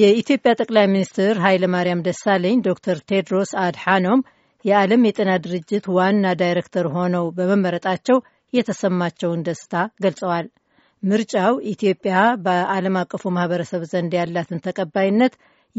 የኢትዮጵያ ጠቅላይ ሚኒስትር ኃይለ ማርያም ደሳለኝ ዶክተር ቴድሮስ አድሓኖም የዓለም የጤና ድርጅት ዋና ዳይሬክተር ሆነው በመመረጣቸው የተሰማቸውን ደስታ ገልጸዋል። ምርጫው ኢትዮጵያ በዓለም አቀፉ ማህበረሰብ ዘንድ ያላትን ተቀባይነት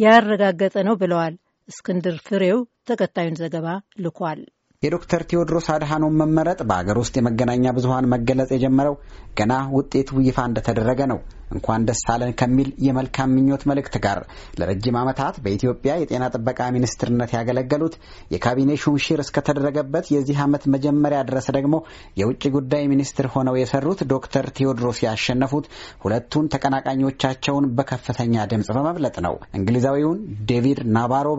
ያረጋገጠ ነው ብለዋል። እስክንድር ፍሬው ተከታዩን ዘገባ ልኳል። የዶክተር ቴዎድሮስ አድሃኖም መመረጥ በአገር ውስጥ የመገናኛ ብዙሀን መገለጽ የጀመረው ገና ውጤቱ ይፋ እንደተደረገ ነው። እንኳን ደስ አለን ከሚል የመልካም ምኞት መልእክት ጋር ለረጅም ዓመታት በኢትዮጵያ የጤና ጥበቃ ሚኒስትርነት ያገለገሉት የካቢኔ ሹምሽር እስከተደረገበት የዚህ ዓመት መጀመሪያ ድረስ ደግሞ የውጭ ጉዳይ ሚኒስትር ሆነው የሰሩት ዶክተር ቴዎድሮስ ያሸነፉት ሁለቱን ተቀናቃኞቻቸውን በከፍተኛ ድምፅ በመብለጥ ነው። እንግሊዛዊውን ዴቪድ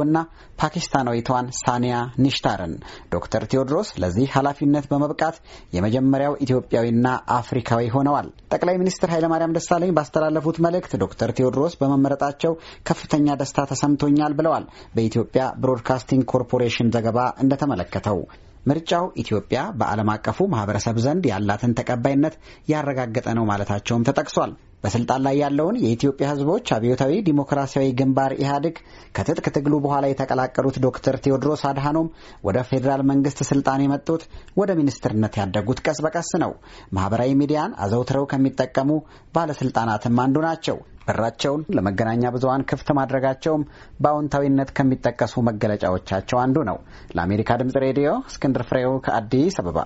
እና ፓኪስታናዊቷን ሳኒያ ኒሽታርን። ዶክተር ቴዎድሮስ ለዚህ ኃላፊነት በመብቃት የመጀመሪያው ኢትዮጵያዊና አፍሪካዊ ሆነዋል። ጠቅላይ ሚኒስትር ኃይለማርያም ደሳለኝ ባስተላለፉት መልእክት ዶክተር ቴዎድሮስ በመመረጣቸው ከፍተኛ ደስታ ተሰምቶኛል ብለዋል። በኢትዮጵያ ብሮድካስቲንግ ኮርፖሬሽን ዘገባ እንደተመለከተው ምርጫው ኢትዮጵያ በዓለም አቀፉ ማህበረሰብ ዘንድ ያላትን ተቀባይነት ያረጋገጠ ነው ማለታቸውም ተጠቅሷል። በስልጣን ላይ ያለውን የኢትዮጵያ ሕዝቦች አብዮታዊ ዲሞክራሲያዊ ግንባር ኢህአዴግ ከትጥቅ ትግሉ በኋላ የተቀላቀሉት ዶክተር ቴዎድሮስ አድሃኖም ወደ ፌዴራል መንግስት ስልጣን የመጡት ወደ ሚኒስትርነት ያደጉት ቀስ በቀስ ነው። ማህበራዊ ሚዲያን አዘውትረው ከሚጠቀሙ ባለስልጣናትም አንዱ ናቸው። በራቸውን ለመገናኛ ብዙሀን ክፍት ማድረጋቸውም በአዎንታዊነት ከሚጠቀሱ መገለጫዎቻቸው አንዱ ነው። ለአሜሪካ ድምጽ ሬዲዮ እስክንድር ፍሬው ከአዲስ አበባ